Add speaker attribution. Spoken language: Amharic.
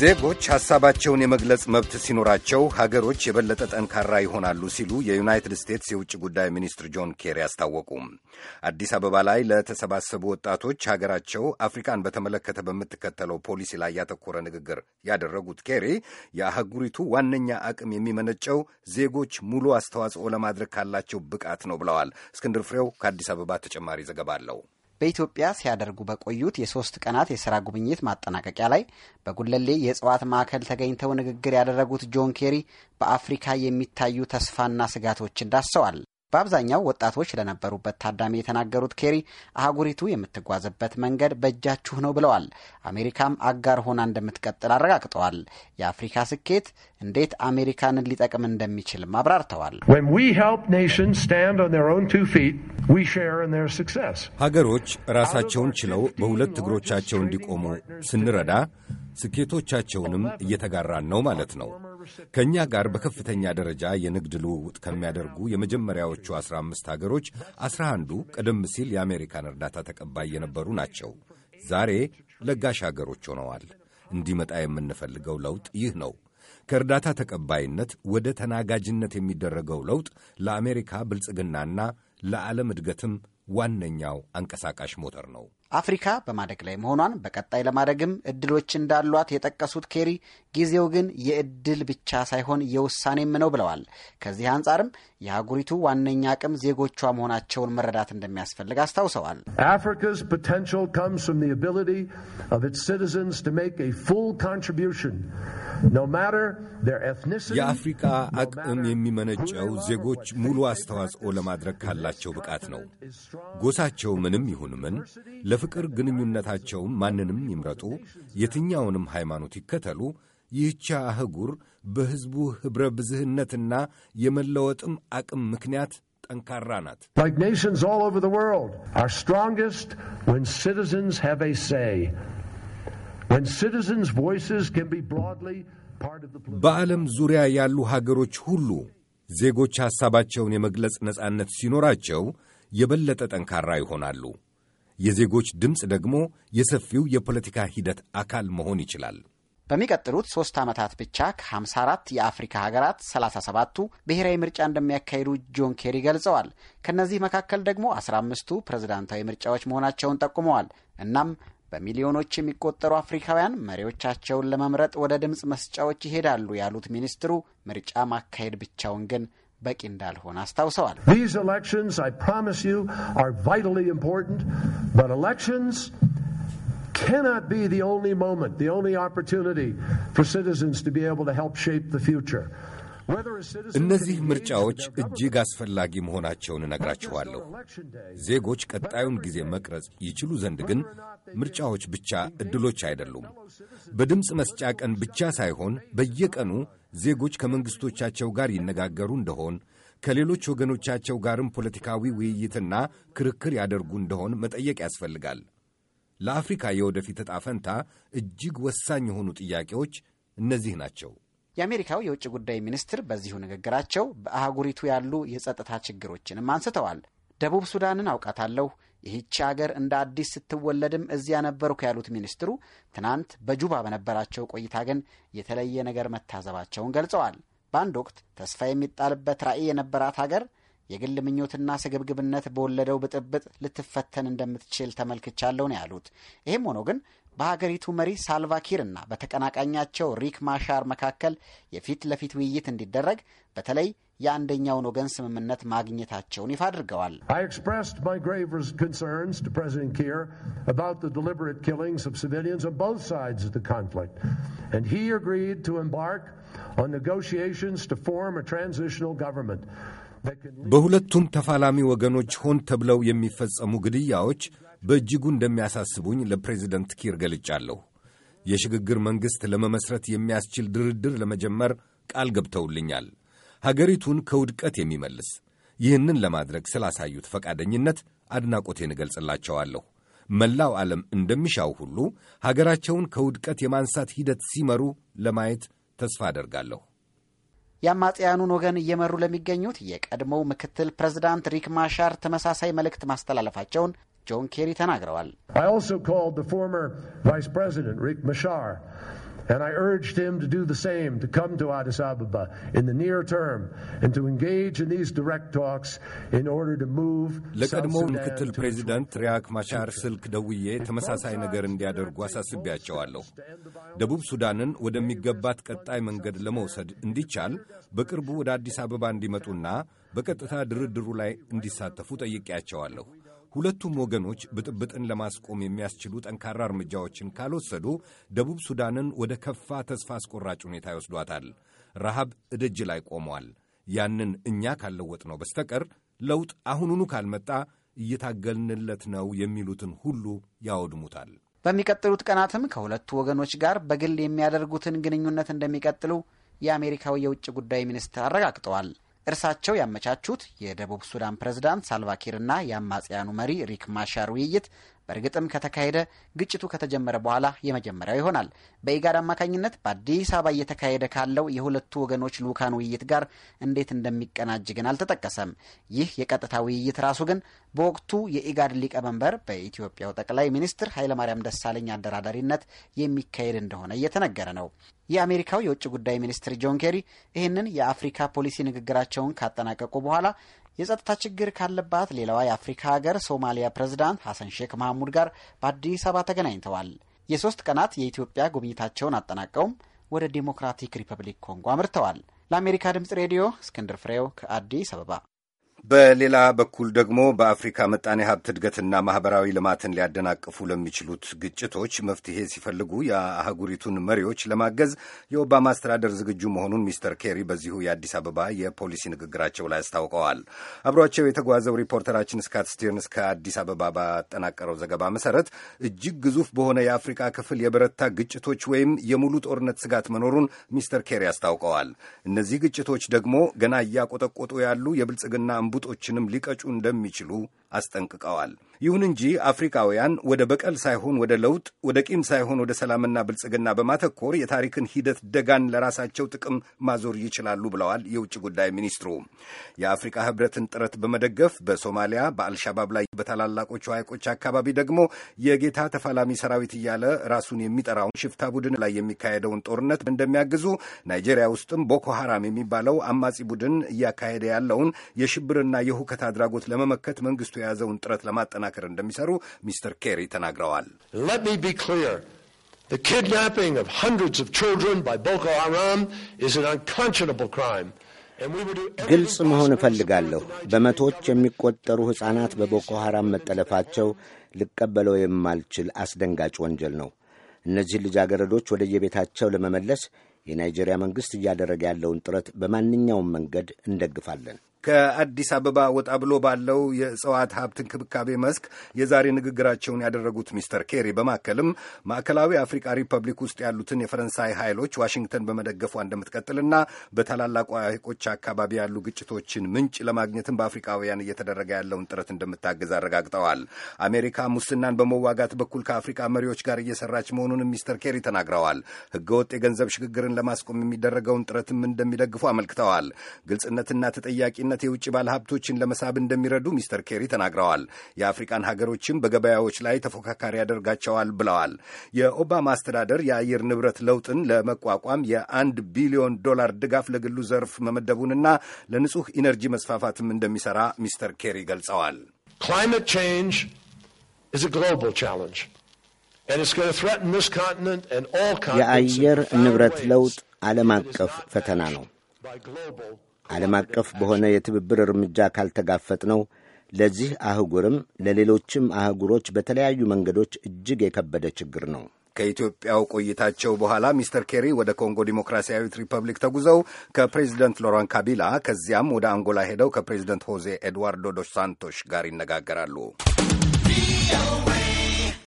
Speaker 1: ዜጎች ሐሳባቸውን የመግለጽ መብት ሲኖራቸው ሀገሮች የበለጠ ጠንካራ ይሆናሉ ሲሉ የዩናይትድ ስቴትስ የውጭ ጉዳይ ሚኒስትር ጆን ኬሪ አስታወቁ። አዲስ አበባ ላይ ለተሰባሰቡ ወጣቶች ሀገራቸው አፍሪካን በተመለከተ በምትከተለው ፖሊሲ ላይ ያተኮረ ንግግር ያደረጉት ኬሪ የአህጉሪቱ ዋነኛ አቅም የሚመነጨው ዜጎች ሙሉ አስተዋጽኦ ለማድረግ ካላቸው ብቃት ነው ብለዋል። እስክንድር ፍሬው ከአዲስ አበባ ተጨማሪ ዘገባ አለው።
Speaker 2: በኢትዮጵያ ሲያደርጉ በቆዩት የሶስት ቀናት የስራ ጉብኝት ማጠናቀቂያ ላይ በጉለሌ የእጽዋት ማዕከል ተገኝተው ንግግር ያደረጉት ጆን ኬሪ በአፍሪካ የሚታዩ ተስፋና ስጋቶችን ዳሰዋል። በአብዛኛው ወጣቶች ለነበሩበት ታዳሚ የተናገሩት ኬሪ አህጉሪቱ የምትጓዝበት መንገድ በእጃችሁ ነው ብለዋል። አሜሪካም አጋር ሆና እንደምትቀጥል አረጋግጠዋል። የአፍሪካ ስኬት እንዴት አሜሪካንን ሊጠቅም እንደሚችል አብራርተዋል።
Speaker 1: ሀገሮች ራሳቸውን ችለው በሁለት እግሮቻቸው እንዲቆሙ ስንረዳ ስኬቶቻቸውንም እየተጋራን ነው ማለት ነው። ከእኛ ጋር በከፍተኛ ደረጃ የንግድ ልውውጥ ከሚያደርጉ የመጀመሪያዎቹ አስራ አምስት ሀገሮች አስራ አንዱ ቀደም ሲል የአሜሪካን እርዳታ ተቀባይ የነበሩ ናቸው። ዛሬ ለጋሽ ሀገሮች ሆነዋል። እንዲመጣ የምንፈልገው ለውጥ ይህ ነው። ከእርዳታ ተቀባይነት ወደ ተናጋጅነት የሚደረገው ለውጥ ለአሜሪካ ብልጽግናና ለዓለም እድገትም ዋነኛው አንቀሳቃሽ ሞተር ነው።
Speaker 2: አፍሪካ በማደግ ላይ መሆኗን በቀጣይ ለማደግም እድሎች እንዳሏት የጠቀሱት ኬሪ ጊዜው ግን የእድል ብቻ ሳይሆን የውሳኔም ነው ብለዋል። ከዚህ አንጻርም የአህጉሪቱ ዋነኛ አቅም ዜጎቿ መሆናቸውን መረዳት እንደሚያስፈልግ አስታውሰዋል።
Speaker 1: የአፍሪካ አቅም የሚመነጨው ዜጎች ሙሉ አስተዋጽኦ ለማድረግ ካላቸው ብቃት ነው። ጎሳቸው ምንም ይሁን ምን፣ ለፍቅር ግንኙነታቸውም ማንንም ይምረጡ፣ የትኛውንም ሃይማኖት ይከተሉ ይህቻ አህጉር በሕዝቡ ኅብረ ብዝህነትና የመለወጥም አቅም ምክንያት ጠንካራ ናት። በዓለም ዙሪያ ያሉ ሀገሮች ሁሉ ዜጎች ሐሳባቸውን የመግለጽ ነጻነት ሲኖራቸው የበለጠ ጠንካራ ይሆናሉ።
Speaker 2: የዜጎች ድምፅ ደግሞ የሰፊው የፖለቲካ ሂደት አካል መሆን ይችላል። በሚቀጥሉት ሶስት ዓመታት ብቻ ከ54 የአፍሪካ ሀገራት 37ቱ ብሔራዊ ምርጫ እንደሚያካሂዱ ጆን ኬሪ ገልጸዋል። ከእነዚህ መካከል ደግሞ 15ቱ ፕሬዝዳንታዊ ምርጫዎች መሆናቸውን ጠቁመዋል። እናም በሚሊዮኖች የሚቆጠሩ አፍሪካውያን መሪዎቻቸውን ለመምረጥ ወደ ድምፅ መስጫዎች ይሄዳሉ ያሉት ሚኒስትሩ ምርጫ ማካሄድ ብቻውን ግን በቂ እንዳልሆነ አስታውሰዋል።
Speaker 3: These elections, I promise you, are vitally important, but elections cannot be the only moment, the only opportunity for citizens to be able to help shape the future.
Speaker 1: እነዚህ ምርጫዎች እጅግ አስፈላጊ መሆናቸውን እነግራችኋለሁ። ዜጎች ቀጣዩን ጊዜ መቅረጽ ይችሉ ዘንድ ግን ምርጫዎች ብቻ ዕድሎች አይደሉም። በድምፅ መስጫ ቀን ብቻ ሳይሆን በየቀኑ ዜጎች ከመንግሥቶቻቸው ጋር ይነጋገሩ እንደሆን ከሌሎች ወገኖቻቸው ጋርም ፖለቲካዊ ውይይትና ክርክር ያደርጉ እንደሆን መጠየቅ ያስፈልጋል። ለአፍሪካ የወደፊት ዕጣ ፈንታ እጅግ ወሳኝ የሆኑ ጥያቄዎች እነዚህ ናቸው።
Speaker 2: የአሜሪካው የውጭ ጉዳይ ሚኒስትር በዚሁ ንግግራቸው በአህጉሪቱ ያሉ የጸጥታ ችግሮችንም አንስተዋል። ደቡብ ሱዳንን አውቃታለሁ፣ ይህቺ አገር እንደ አዲስ ስትወለድም እዚያ ነበርኩ ያሉት ሚኒስትሩ ትናንት በጁባ በነበራቸው ቆይታ ግን የተለየ ነገር መታዘባቸውን ገልጸዋል። በአንድ ወቅት ተስፋ የሚጣልበት ራዕይ የነበራት ሀገር የግል ምኞትና ስግብግብነት በወለደው ብጥብጥ ልትፈተን እንደምትችል ተመልክቻለሁ ነው ያሉት። ይህም ሆኖ ግን በሀገሪቱ መሪ ሳልቫኪርና በተቀናቃኛቸው ሪክ ማሻር መካከል የፊት ለፊት ውይይት እንዲደረግ በተለይ የአንደኛውን ወገን ስምምነት ማግኘታቸውን ይፋ አድርገዋል።
Speaker 1: በሁለቱም ተፋላሚ ወገኖች ሆን ተብለው የሚፈጸሙ ግድያዎች በእጅጉ እንደሚያሳስቡኝ ለፕሬዚደንት ኪር ገልጫለሁ። የሽግግር መንግሥት ለመመስረት የሚያስችል ድርድር ለመጀመር ቃል ገብተውልኛል። ሀገሪቱን ከውድቀት የሚመልስ ይህንን ለማድረግ ስላሳዩት ፈቃደኝነት አድናቆቴን እገልጽላቸዋለሁ። መላው ዓለም እንደሚሻው ሁሉ ሀገራቸውን ከውድቀት የማንሳት ሂደት
Speaker 2: ሲመሩ ለማየት ተስፋ አደርጋለሁ። የአማጽያኑን ወገን እየመሩ ለሚገኙት የቀድሞው ምክትል ፕሬዝዳንት ሪክ ማሻር ተመሳሳይ መልእክት ማስተላለፋቸውን ጆን ኬሪ ተናግረዋል።
Speaker 3: And I urged him to do the same, to come to Addis Ababa in the near term and to engage in these direct talks in order to move ለቀድሞው ምክትል
Speaker 1: ፕሬዚደንት ሪያክ ማቻር ስልክ ደውዬ ተመሳሳይ ነገር እንዲያደርጉ አሳስቢያቸዋለሁ። ደቡብ ሱዳንን ወደሚገባት ቀጣይ መንገድ ለመውሰድ እንዲቻል በቅርቡ ወደ አዲስ አበባ እንዲመጡና በቀጥታ ድርድሩ ላይ እንዲሳተፉ ጠይቄያቸዋለሁ። ሁለቱም ወገኖች ብጥብጥን ለማስቆም የሚያስችሉ ጠንካራ እርምጃዎችን ካልወሰዱ ደቡብ ሱዳንን ወደ ከፋ ተስፋ አስቆራጭ ሁኔታ ይወስዷታል። ረሃብ እደጅ ላይ ቆመዋል። ያንን እኛ ካልለወጥ ነው በስተቀር ለውጥ አሁኑኑ ካልመጣ እየታገልንለት ነው የሚሉትን ሁሉ ያወድሙታል።
Speaker 2: በሚቀጥሉት ቀናትም ከሁለቱ ወገኖች ጋር በግል የሚያደርጉትን ግንኙነት እንደሚቀጥሉ የአሜሪካው የውጭ ጉዳይ ሚኒስትር አረጋግጠዋል። እርሳቸው ያመቻቹት የደቡብ ሱዳን ፕሬዝዳንት ሳልቫኪርና የአማጽያኑ መሪ ሪክ ማሻር ውይይት በእርግጥም ከተካሄደ ግጭቱ ከተጀመረ በኋላ የመጀመሪያው ይሆናል። በኢጋድ አማካኝነት በአዲስ አበባ እየተካሄደ ካለው የሁለቱ ወገኖች ልዑካን ውይይት ጋር እንዴት እንደሚቀናጅ ግን አልተጠቀሰም። ይህ የቀጥታ ውይይት ራሱ ግን በወቅቱ የኢጋድ ሊቀመንበር በኢትዮጵያው ጠቅላይ ሚኒስትር ኃይለማርያም ደሳለኝ አደራዳሪነት የሚካሄድ እንደሆነ እየተነገረ ነው። የአሜሪካው የውጭ ጉዳይ ሚኒስትር ጆን ኬሪ ይህንን የአፍሪካ ፖሊሲ ንግግራቸውን ካጠናቀቁ በኋላ የጸጥታ ችግር ካለባት ሌላዋ የአፍሪካ ሀገር ሶማሊያ ፕሬዝዳንት ሐሰን ሼክ መሐሙድ ጋር በአዲስ አበባ ተገናኝተዋል። የሶስት ቀናት የኢትዮጵያ ጉብኝታቸውን አጠናቀውም ወደ ዴሞክራቲክ ሪፐብሊክ ኮንጎ አምርተዋል። ለአሜሪካ ድምፅ ሬዲዮ እስክንድር ፍሬው ከአዲስ አበባ
Speaker 1: በሌላ በኩል ደግሞ በአፍሪካ መጣኔ ሀብት እድገትና ማህበራዊ ልማትን ሊያደናቅፉ ለሚችሉት ግጭቶች መፍትሄ ሲፈልጉ የአህጉሪቱን መሪዎች ለማገዝ የኦባማ አስተዳደር ዝግጁ መሆኑን ሚስተር ኬሪ በዚሁ የአዲስ አበባ የፖሊሲ ንግግራቸው ላይ አስታውቀዋል። አብሯቸው የተጓዘው ሪፖርተራችን ስካት ስቲርንስ ከአዲስ አበባ ባጠናቀረው ዘገባ መሰረት እጅግ ግዙፍ በሆነ የአፍሪካ ክፍል የበረታ ግጭቶች ወይም የሙሉ ጦርነት ስጋት መኖሩን ሚስተር ኬሪ አስታውቀዋል። እነዚህ ግጭቶች ደግሞ ገና እያቆጠቆጡ ያሉ የብልጽግና እንቡጦችንም ሊቀጩ እንደሚችሉ አስጠንቅቀዋል። ይሁን እንጂ አፍሪካውያን ወደ በቀል ሳይሆን ወደ ለውጥ፣ ወደ ቂም ሳይሆን ወደ ሰላምና ብልጽግና በማተኮር የታሪክን ሂደት ደጋን ለራሳቸው ጥቅም ማዞር ይችላሉ ብለዋል የውጭ ጉዳይ ሚኒስትሩ። የአፍሪካ ሕብረትን ጥረት በመደገፍ በሶማሊያ በአልሻባብ ላይ በታላላቆቹ ሐይቆች አካባቢ ደግሞ የጌታ ተፋላሚ ሰራዊት እያለ ራሱን የሚጠራውን ሽፍታ ቡድን ላይ የሚካሄደውን ጦርነት እንደሚያግዙ፣ ናይጄሪያ ውስጥም ቦኮ ሐራም የሚባለው አማጺ ቡድን እያካሄደ ያለውን የሽብርና የሁከት አድራጎት ለመመከት መንግስቱ የተያዘውን ጥረት ለማጠናከር እንደሚሰሩ ሚስተር ኬሪ ተናግረዋል።
Speaker 2: ግልጽ መሆን እፈልጋለሁ። በመቶዎች የሚቆጠሩ ሕፃናት በቦኮ ሐራም መጠለፋቸው ልቀበለው የማልችል አስደንጋጭ ወንጀል ነው። እነዚህን ልጃገረዶች ወደ የቤታቸው ለመመለስ የናይጄሪያ መንግሥት እያደረገ ያለውን ጥረት በማንኛውም መንገድ እንደግፋለን።
Speaker 1: ከአዲስ አበባ ወጣ ብሎ ባለው የእጽዋት ሀብት እንክብካቤ መስክ የዛሬ ንግግራቸውን ያደረጉት ሚስተር ኬሪ በማከልም ማዕከላዊ አፍሪካ ሪፐብሊክ ውስጥ ያሉትን የፈረንሳይ ኃይሎች ዋሽንግተን በመደገፏ እንደምትቀጥልና በታላላቁ ሐይቆች አካባቢ ያሉ ግጭቶችን ምንጭ ለማግኘትም በአፍሪካውያን እየተደረገ ያለውን ጥረት እንደምታግዝ አረጋግጠዋል። አሜሪካ ሙስናን በመዋጋት በኩል ከአፍሪካ መሪዎች ጋር እየሰራች መሆኑንም ሚስተር ኬሪ ተናግረዋል። ህገወጥ የገንዘብ ሽግግርን ለማስቆም የሚደረገውን ጥረትም እንደሚደግፉ አመልክተዋል። ግልጽነትና ተጠያቂ በዋናነት የውጭ ባለሀብቶችን ለመሳብ እንደሚረዱ ሚስተር ኬሪ ተናግረዋል። የአፍሪካን ሀገሮችም በገበያዎች ላይ ተፎካካሪ ያደርጋቸዋል ብለዋል። የኦባማ አስተዳደር የአየር ንብረት ለውጥን ለመቋቋም የአንድ ቢሊዮን ዶላር ድጋፍ ለግሉ ዘርፍ መመደቡንና ለንጹህ ኢነርጂ መስፋፋትም እንደሚሰራ ሚስተር ኬሪ ገልጸዋል። Climate change is a global challenge,
Speaker 2: የአየር ንብረት ለውጥ ዓለም አቀፍ ፈተና ነው። ዓለም አቀፍ በሆነ የትብብር እርምጃ ካልተጋፈጥ ነው ለዚህ አህጉርም ለሌሎችም አህጉሮች በተለያዩ መንገዶች እጅግ የከበደ ችግር ነው።
Speaker 1: ከኢትዮጵያው ቆይታቸው በኋላ ሚስተር ኬሪ ወደ ኮንጎ ዲሞክራሲያዊት ሪፐብሊክ ተጉዘው ከፕሬዚደንት ሎራን ካቢላ ከዚያም ወደ አንጎላ ሄደው ከፕሬዚደንት ሆዜ ኤድዋርዶ ዶስ ሳንቶሽ ጋር ይነጋገራሉ።